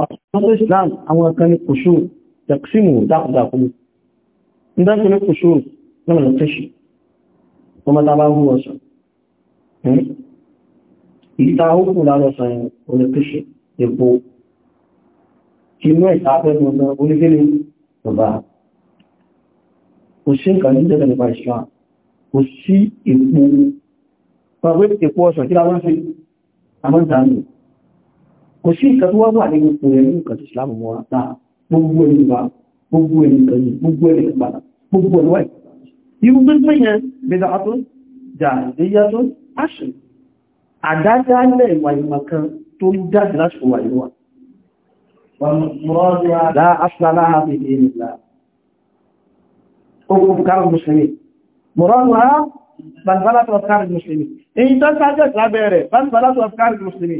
Ọ̀pọ̀ Islam àwọn ẹ̀kan ní kòṣù, tẹ̀kṣímù dákùdákùn. Ní dákùn ní kòṣù, náà lọ tẹ́ṣì, ọmọ tàbá hù ọ̀sán. Hmm? ìta ókùn lárọ̀sàn onípíṣẹ́ epo inú ẹ̀ta pẹ̀lú ọmọ onígbélé ọba kò sí nǹkan ní jẹ́lẹ̀ nípa ìṣúra kò sí epo pàwẹ́ epo ọ̀sán kí láwọn fi amọ́dánù kò sí nǹkan tó wá wà nínú ipò ẹ̀rọ nǹkan tó sílámù mọ́ náà gbogbo ẹni bá gbogbo ẹni kan ní gbogbo ẹni kan padà gbogbo ẹni wáyé irú gbogbo yẹn gbẹdà tó jà ìdíyà tó passion àdádálẹ̀ ìwà ìmọ̀kan tó ń dájì lásìkò wà ìwà la asìlára àti ìrìnlá okùn kárí musulmi mọ̀rọ̀lù ha banbalatu of kárí musulmi èyí tó sáájẹ̀ lábẹ̀ẹ̀rẹ̀ banbalatu of kárí musulmi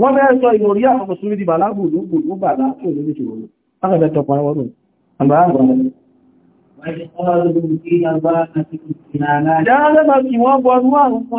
wọ́n bẹ́ẹ̀ sọ ìmòrí àwọn musulmi di bàlágù lóògbò bàlá tó lórí ti wọ́n akẹ́bẹ̀ tọpa wọ́n Jáàlẹ́bà kí wọ́n bọ̀ ní àwọn ọmọ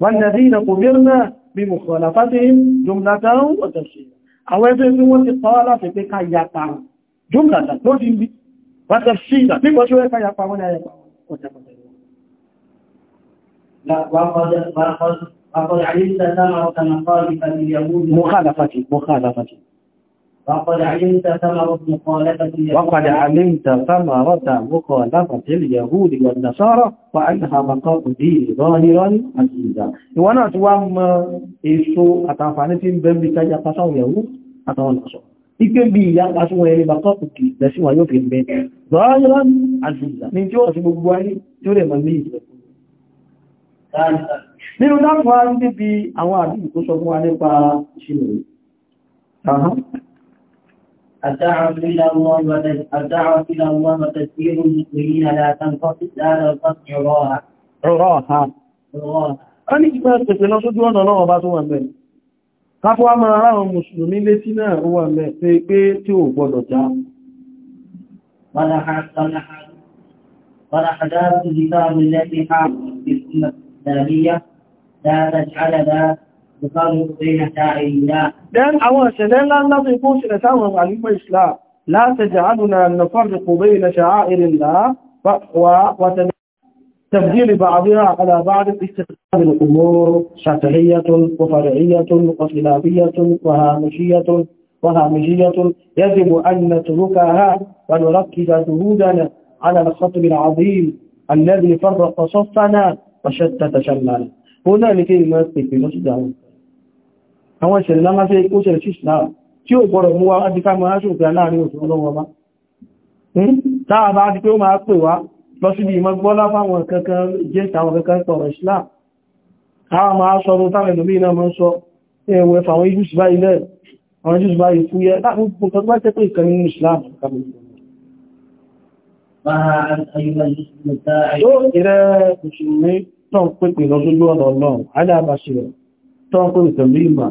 والذين قبرنا بمخالفتهم جملة وتفسيرا أو يفهم وانتقال في بك يطع جملة تنبي وتفسيرا في وجوه يطع ولا يطع وقد علمت ثمرة مخالفتي مخالفتي مخالفتي وقد علمت ثمرة مخالفة وقد علمت ثمرة مخالفة اليهود والنصارى وأنها بقاء دين ظاهرا عزيزا وانا اتوام ايسو اتعفاني في بمبكا يقصوا اليهود اتوام النصارى ipe bi ya asu won ele bako kuki da si wa yo fi nbe zahiran aziza ni tí ó sì gbogbo ayé tí ó lè mo ni ile nínú dákùn wa níbi àwọn àdúgbò tó sọ fún wa nípa ìṣirò الدعوة إلى الله الدعوة إلى الله وتذكير المسلمين لا تنقص لا تنقص عراها عراها عراها أنا كنت أتكلم sójú ọ̀nà Ọlọ́run bá tó wà mẹ́rin káfọ́ a máa ráhùn mùsùlùmí létí náà ó wà mẹ́rin pé tí ò gbọdọ̀ já ولا حداث الكتاب التي حاضر في السنة الإسلامية لا تجعل ذا لا تجعلنا نفرق بين شعائر الله وتبديل بعضها على بعض استخدام الأمور شرعية وفرعية وخلافية وهامشية وهامشية يجب أن نتركها ونركز جهودنا على الخطب العظيم الذي فرق صفنا وشتت شمالنا هنا لكي ما في جهودنا àwọn ìṣẹ̀lẹ̀ lámáṣẹ́ ikú ṣẹlẹ̀ sí islam tí ó gbọ́rọ̀ mú wá láti ká máa ṣòfin láàrin òṣùn ọlọ́wọ́ bá táà bá ti pé ó máa pè wá lọ ìmọ́gbọ́lá fáwọn kankan jẹ́ àwọn islam àwọn máa sọ ọdún táwọn ẹlòmí náà máa sọ ẹwẹ́ fàwọn ìjúsù bá ilẹ̀ àwọn ìjúsù bá ikú yẹ islam Tó ìrẹ́ òṣùnmí tán pépè lọ sójú ọ̀nà ọlọ́run, alábàṣẹ̀ tán pépè pẹ̀lú ìmọ̀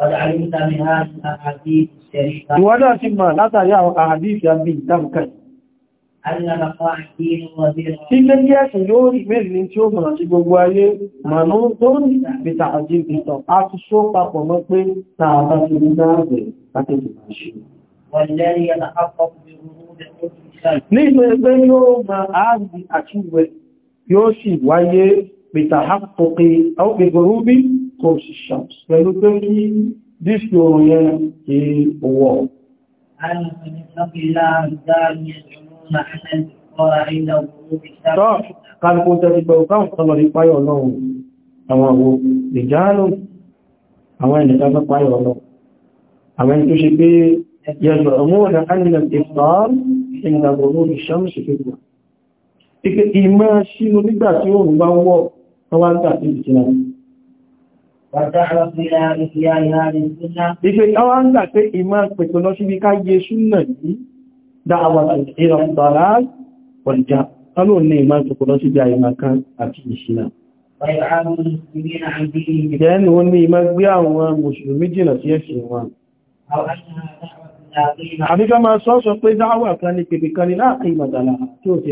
Ìwọ́n náà ti mọ̀ látàrí àwọn àhàdìsì àbí ìdámkà. Ilé ní ẹ̀sìn yóò rí mẹ́rin tí ó mọ̀ sí gbogbo ayé, màánú tó ní pẹ̀tà àjí ìtọ̀, a ti só papọ̀ mọ́ pé tààbá ti rí dáàbẹ̀ láti ìgbà ṣe. Wọ́n lẹ́rí corruptions pẹ̀lú pé kí díṣì oòrùn yẹn kí owó Kálùkù tẹ́lú pẹ̀lú káwọn tọ́lọ̀ ní páyọ̀ ọlọ́run àwọn àwọ ìjánú àwọn ènìyàn tọ́lọ̀ páyọ̀ ọlọ́run. Àwọn ènìyàn tó ṣe pé yẹ̀lọ̀ ọmọ ọ̀nà ánìyàn ìfàán ìgbàgbọ̀ lórí ṣàmùsì fífà. Ike ìmọ̀ sínú nígbà tí oòrùn bá wọ́ Ìgbé àwọn ń gbà pé ìmọ̀ pẹ̀tọ̀ lọ síbi ká yé súnnà yìí dáàwà ìrọ̀pàá pọ̀lìjá, ọlọ́ ní ìmọ̀ pẹ̀tọ̀ lọ síbi àìmọ̀ kan àti ìṣìnà. Ìjẹ́ni ó ní ìmọ̀ gbé àwọn Mùsùlùmí jìnà sí ẹ̀sìn wọn. Àbíká máa sọ́ọ̀sọ̀ pé dáàwà kan ní pèpè kan ní láàkí ìmọ̀dàlà tí ó ti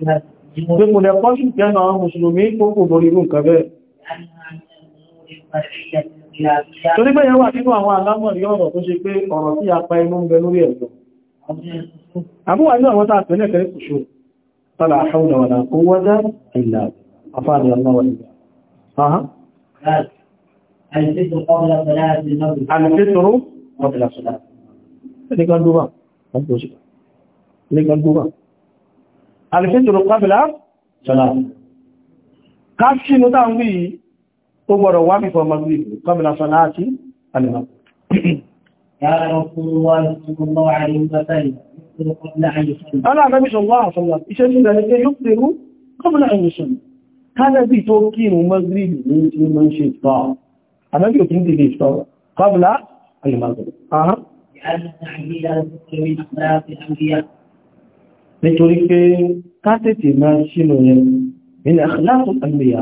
ẹ̀ Bí mo lẹ kọ́ṣù jẹ́nà àwọn Mùsùlùmí kókò lórí irú nǹkan bẹ́ẹ̀. Torí pé yẹn wà nínú àwọn alámọ̀rí ọ̀rọ̀ tó ṣe pé ọ̀rọ̀ tí a pa inú ń bẹ lórí ẹ̀jọ́. Àbúwà inú àwọn tàà kẹrẹ kù ṣò, tàbí àṣọ́nà alìfẹ́tòrò pàbílá sọ́lá káṣínú tàà ń wí ó gbọ́rọ̀ wá fífọ́ magbí pàbílá sọ́lá àti alìmọ̀ Kádàbí tó kírun Maghribi ní tí ó máa ń ṣe ìtọ́. Àdábí ò kí ń dìde ìtọ́. Kọ́bùlá, alìmọ̀gbẹ̀. Àhán. Yàrá nítorí pé kátètè máa sínú yẹn nínú àkíláàtò àgbèyà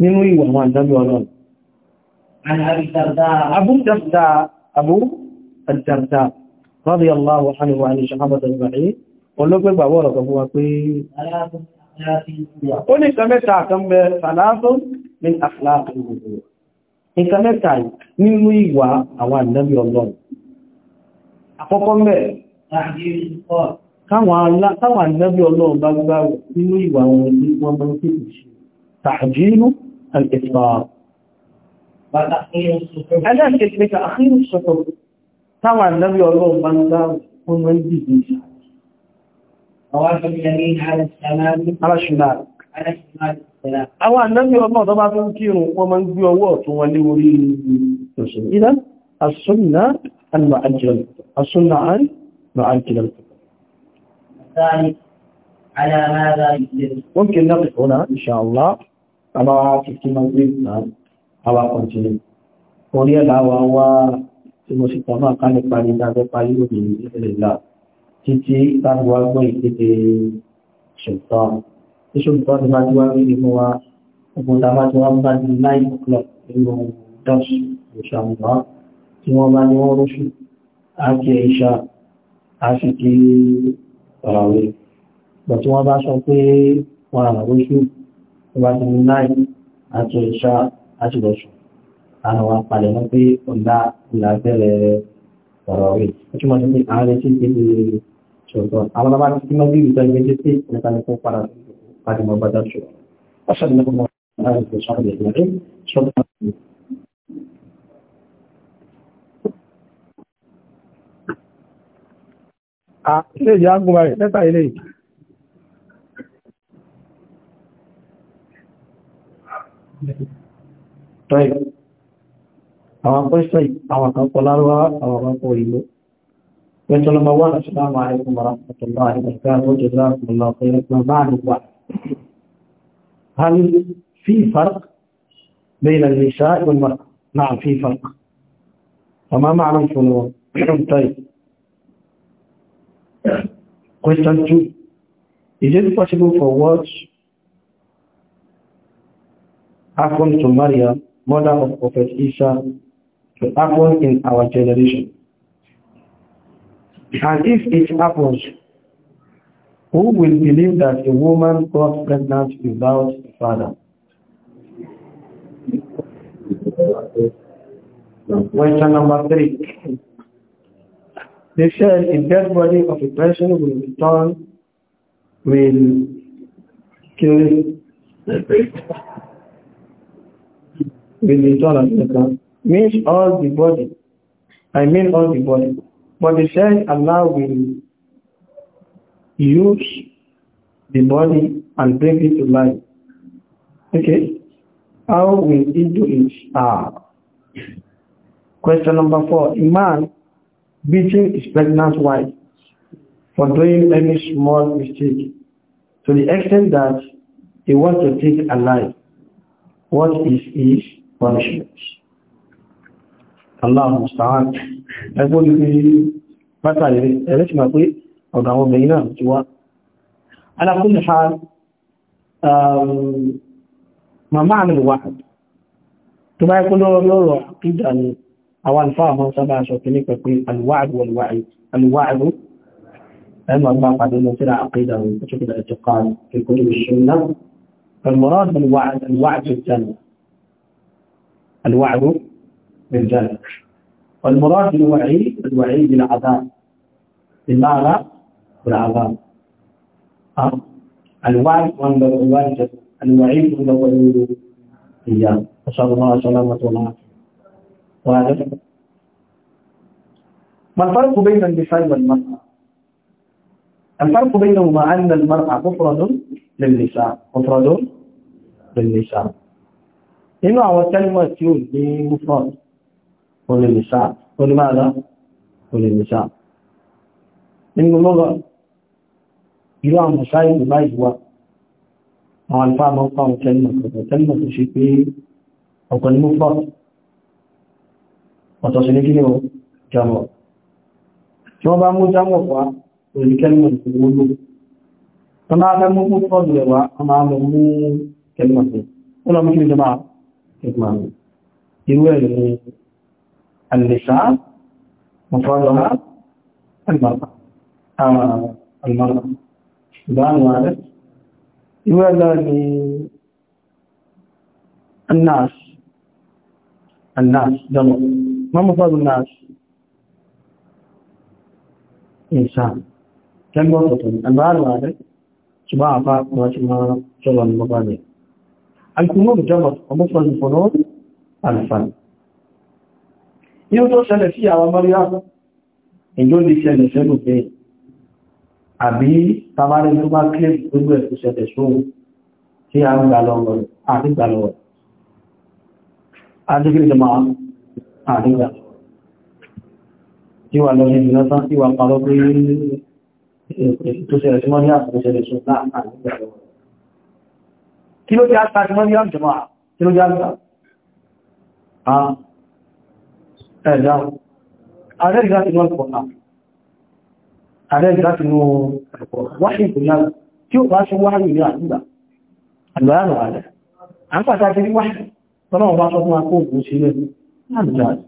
nínú ìwà àwọn àdábí ọlọ́run Abu Darda Abu Darda radiyallahu anhu wa ní ṣàhábàtà ìbàrí olóògbẹ́gbà wọ́rọ̀ kan fún wa pé ó ní ìkàmẹ́ta kan bẹ sàlátún ní àkíláàtò ìgbòho ìkàmẹ́ta nínú ìwà àwọn àdábí ọlọ́run àkọ́kọ́ mẹ́ táwọn ànábí ọlọ́run bá gbáwẹ̀ nínú ìwà wọn ní wọ́n mọ́ sí ìṣẹ́ tàjílù al-islam alákẹ́kẹ́kẹ́ àkírù sọ́tọ̀ táwọn ànábí ọlọ́run bá gbáwẹ̀ wọ́n mọ́ sí ìṣẹ́ àwọn ànábí ọlọ́run tó bá tún kírun wọ́n mọ́ gbé ọwọ́ ọ̀tún wọn lé orí ìṣẹ́ ìdá as-sunnah al-mu'ajjal as-sunnah al-mu'ajjal الثالث على ماذا يجري ممكن نقف هنا إن شاء الله على في موضوعنا على كونتينيو orí ẹ̀lá wa wá tí mo sì pọ̀ náà ká nípa ní ìdájọ́ parí lóbi ìpínlẹ̀ ìlà títí látiwá gbọ́ ìkéde ṣùgbọ́n tí ṣùgbọ́n ti máa tíwá rí nínú wa ogun ta máa tíwá bá ní nine o'clock nínú dọ́ṣ ìṣàmùmá tí wọ́n bá ní wọ́n rọ́ṣù á kí ẹ̀ṣà á sì kí tàràwé bọ̀ tí wọ́n bá sọ pé wọ́n rà lóṣù tó bá ti ní náì àti ìṣá àti lọ́sù àwọn wa palẹ̀ mọ́ pé ọ̀la ìlà bẹ̀rẹ̀ ọ̀rọ̀ rẹ̀ ó túmọ̀ sí pé ààrẹ sí ti di ṣòtọ́ àwọn bàbá tí wọ́n bí ìtọ́ ìgbé tí ìpínlẹ̀ kan kó padà padà mọ́ bá dá ṣòro. سيدي عنكو باي نتا إلي طيب أما قوش طيب أما قول أروا أما قول إلو بنت لما وانا السلام عليكم ورحمة الله وبركاته جزاكم الله خير ما بعد الواحد هل في فرق بين النساء والمرأة نعم في فرق فما معنى الفنون طيب Question two, is it possible for what happened to Maria, mother of Prophet Isa, to happen in our generation? And if it happens, who will believe that a woman got pregnant without a father? Question number three. They said a dead body of a person will torn, will kill will return as second. Means all the body. I mean all the body. But they said Allah will use the body and bring it to life. Okay? How will he do it? Ah. Question number four. A man beating his pregnant wife for doing any small mistake to the extent that he wants to take a life. What is his punishment? Allah musta'an. Ẹgbọ́n ju bí mátà ẹ̀rẹ́ ti máa pé ọ̀dọ̀ àwọn obìnrin náà ti wá. Alákùnlé ha, um, màmá àmì wà tó bá ẹkùn lọ́rọ̀ lọ́rọ̀ àkídà ni àwọn alfáàmọ́ sábà aṣọ kìí nípa pé alwáàdù alwáàdù ẹnu ọgbà pàdé lọ síra àkídà ìpòṣòkìdà ìtìkà ìkòrò ìṣúná المراد بالوعد بالجنة الوعد بالجنة والمراد بالوعيد الوعيد بالعذاب بالمعنى بالعذاب الوعد من الوعيد الوعيد من الوعيد إياه وصلى الله وسلم وطلعه وهذا ما الفرق بين النساء والمرأة الفرق بينهما أن المرأة مفرد للنساء مفرد للنساء إنه هو كلمة تيون لمفرد وللنساء ولماذا وللنساء إنه لغة إلى مشاهد ما يجوى وعن فعل موقع كلمة كلمة شيء أو كلمة مفرد ọ̀tọ̀ sí ní kí ní jamọ̀ tí wọ́n bá mú jamọ̀ wá òní kẹ́lìmọ̀ ìwòlò tó máa fẹ́ mú fọ́dù ẹ̀wà a máa lọ mú kẹ́lìmọ̀ sí ó lọ mú kí ní jọba kẹ́lìmọ̀ irú ẹ̀ mọ́mọ́fọ́rù náà ìsà kẹgbọ́ ọ̀tọ̀tọ̀ àbáàrùn ààrẹ tí bá àpá wọ́n ti máa jọba ní bọ́bá rẹ̀ alkùnmọ́ ìjọba ọmọ́fọ́rù fọ́nà alfàà yíò tó ṣẹlẹ̀ sí àwọn mọ́ríyá ìjọ́ lè ṣẹlẹ̀ sẹ́lù pé àbí tabarí tó bá kílẹ̀ gbogbo ẹ̀kú ṣẹlẹ̀ sóhun tí a ń gbà lọ́wọ́ àti gbà lọ́wọ́ rẹ̀ àríwá tí wà lọ níbi lọ́tán tí wà parọ́ pé tó ṣẹlẹ̀ sí mọ́ní àpò ṣẹlẹ̀ sí kí ló jẹ́ àpá tí mọ́ní àjọmọ́ kí ló jẹ́ àpá ẹ̀dá ààrẹ ìgbà tí wọ́n pọ̀ náà ààrẹ ìgbà tí wọ́n tí ó bá ṣe wáyé ní àdúgbà àgbàrà ààrẹ àpàtà tí wáyé tọ́lọ́wọ́ bá sọ fún akóògùn sílẹ̀ láàrùjáàdì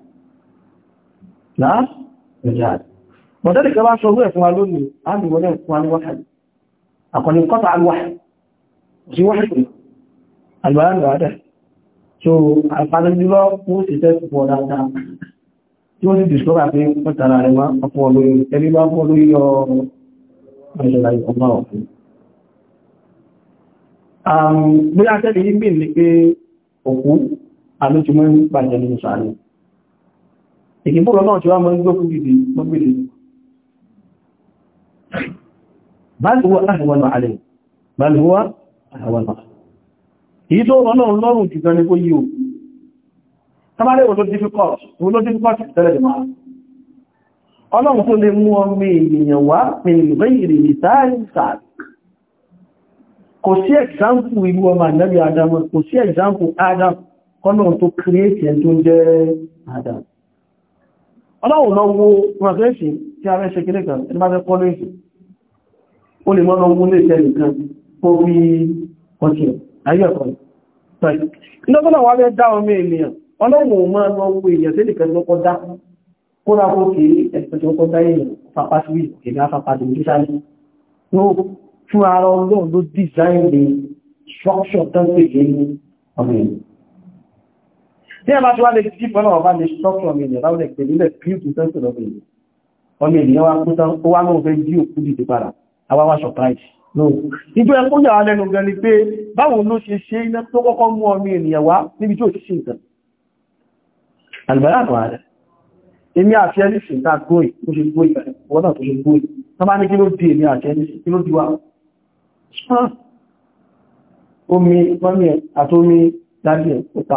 láàrùjáàdì bọ̀dẹ́dì kẹwàá sọ rú ẹ̀fún wa lónìí áàrùn ní ẹ̀fún wa ní wákàtí àkọni kọ́ta alwáhì sí wáhì alwáhì rádẹ̀ so àfàdé jùlọ mú sí tẹ́sì pọ̀ dáadáa tí ó sì dìskọ́bà pé pẹ́tàrà rẹ̀ wá ọpọ̀ olóyè ẹbí bá fún olóyè àló ti mọ́ ìpàjẹ́ nínú sàárè ìgbìmọ̀ náà ti wá mọ́ gbókú gidi mọ́gbìlì báyíwọ́ àhàwọ̀nà àlẹ́ báyíwọ́ àhàwọ̀nà èyí tó rọ́nà lọ́rùn ti gan ní kó yíò tamarẹ́ wọ́n tó difficult tẹ́lẹ̀ jẹ́ máa ọlọ́run tó lè mú ọmọ ènìyàn wá pẹ̀lú ìrìn ìtàrí kò sí example ìlú ọmọ ànábì Adam kò sí example Adam kọ́nà tó kírètì ẹni tó ń jẹ́ Adam ọlọ́wọ̀ lọ wo rọ̀fẹ́ṣì tí a rẹ̀ ṣe kílẹ̀ kan ẹni bá fẹ́ kọ́ lẹ́ṣì ó lè mọ́ lọ wó lè tẹ́lẹ̀ kan kó rí ọjọ́ ayé ọ̀kan tọ́jú ìlọ́gbọ́nà wà fẹ́ dá ọmọ ènìyàn ọlọ́wọ̀ máa lọ wo èèyàn sí ìkẹ́ tó ń sáré ló fún ara ọlọ́run ló dìsáìnì structure tó ń pè ní ọmọ ènìyàn tí a bá ti wá lè jí pọ́nà ọba lè ṣọ́pọ̀ ọmọ ènìyàn láwọn ẹ̀kẹ́ nílẹ̀ píùtù sẹ́sì lọ́pọ̀ ènìyàn ọmọ ènìyàn surprise no ìjọ ẹkún yà lẹ́nu gan ni pé báwo ló ṣe ṣe iná tó kọ́kọ́ mú ọmọ ènìyàn wá níbi tí ò ti ṣe nǹkan àlùbárà kan ààrẹ èmi àti ẹni sì ń ta gbóì ó ṣe gbóì wọn náà tó ṣe gbóì tó bá ní kí ló di èmi àti ẹni kí ló di wa omi mọ́mí àtomi dájú ó ta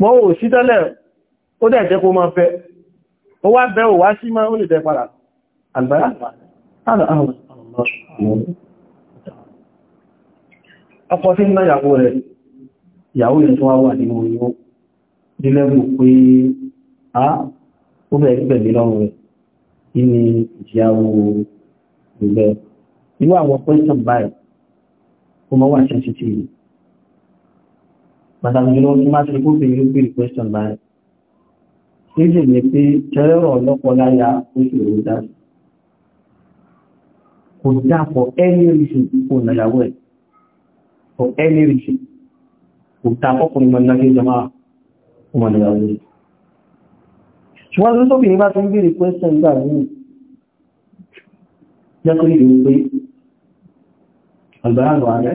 mọ́ ò sí tẹ́lẹ̀ ó dẹ̀ jẹ́ kó máa fẹ́ ó wá bẹ́ ò wá sí máa ó lè dẹ padà àlùbárà ọkọ tí ń bá ìyàwó rẹ̀ ìyàwó rẹ̀ tó wá wà nínú oyó dílẹ́gbù pé a ó bẹ̀rẹ̀ gbẹ̀mí lọ́rùn rẹ̀ inú ìyàwó ìgbẹ̀ inú àwọn pẹ́sàn báyìí ó mọ́ wà sensitive pàtàkì jùlọ tí máa ti kó fi yóò bí question báyìí ṣíṣe ní pé tẹ́rọ lọ́pọ̀láyà ó sì rò dá kò dá for any reason kò nàyàwó ẹ̀ for any reason kò dá fọ́kùnrin mọ́ náà jẹma ọmọ nàyàwó ẹ̀ ṣùgbọ́n tó tóbi ní bá ti ń bèèrè question gbà ní jẹ́kọ́ ìlú pé àgbà àrùn ààrẹ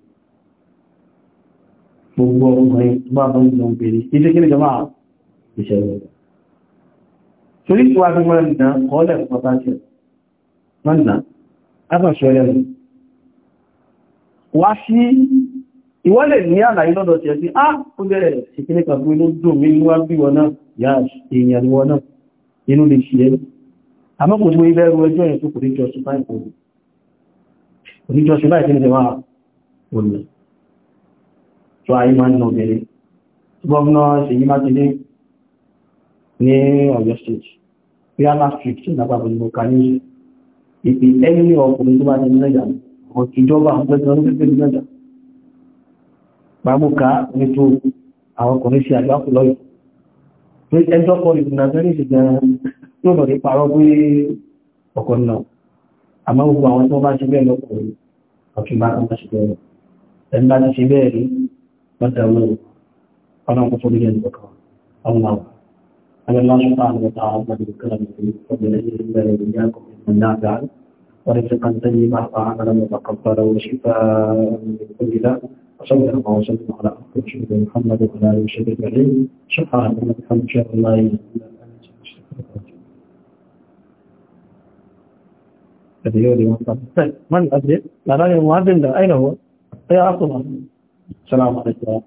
gbogbo ọkùnrin bá bá ń jọ ń pèrè iṣẹ́ kí ní jọmọ́ ìṣẹ̀lẹ̀ torí tí wá fi mọ́ ìdá kọ́ọ̀lẹ̀ pọ̀tàṣẹ̀ mọ́nà afẹ́ṣọ́lẹ̀ wá sí ìwọ́lẹ̀ ní àlàyé lọ́dọ̀ tí ẹ sí á ah, ó bẹ̀rẹ̀ ìpínlẹ̀ kàbú inú dùn mí wá bí wọn náà yá èèyàn wọn náà inú lè ṣe ẹ́ àmọ́ kò tó ibẹ̀ ru ẹjọ́ yẹn kò ní jọ sí báyìí kò ní jọ sí báyìí kí ní jẹ máa wọ̀nà tó ayé máa ń nà obìnrin gọ́ọ̀nà Ṣèyí Mákindé ní Ọ̀yọ́ state rihanna street tí ìdápá gbogbo ká ní ìpè ẹni ọkùnrin tó bá ti nílẹ̀jà ọ̀tìjọba àwọn pẹ̀lú ọdún pẹ̀lú nílẹ̀jà gbàgbóka ní tó àwọn ọkùnrin sí àgbákù lọ́yọ̀ pé ẹjọ́ kọ́ ìgbìmọ̀ àtẹ́rẹ́ ìṣẹ̀gbẹ̀ tó lọ rí parọ́ pé ọkọ̀ náà àmọ́ gbogbo àwọn mọ́tẹ̀wò ọlọ́pọ̀ tó ní ẹni kọ̀ọ̀kan ọmọ أن الله سبحانه وتعالى من كلامه وبالذي الله إياكم من نافع ورزقا طيبا وعملا متقبلا وشفاء من كل داء وصلى الله وسلم على أخر شهد محمد وعلى آله وصحبه أجمعين سبحانك اللهم وبحمدك أشهد أن لا إله إلا أنت أستغفرك وأتوب إليك طيب، من أدري؟ لا لا المؤذن ده أين هو؟ يا أخو Assalamu alaikum.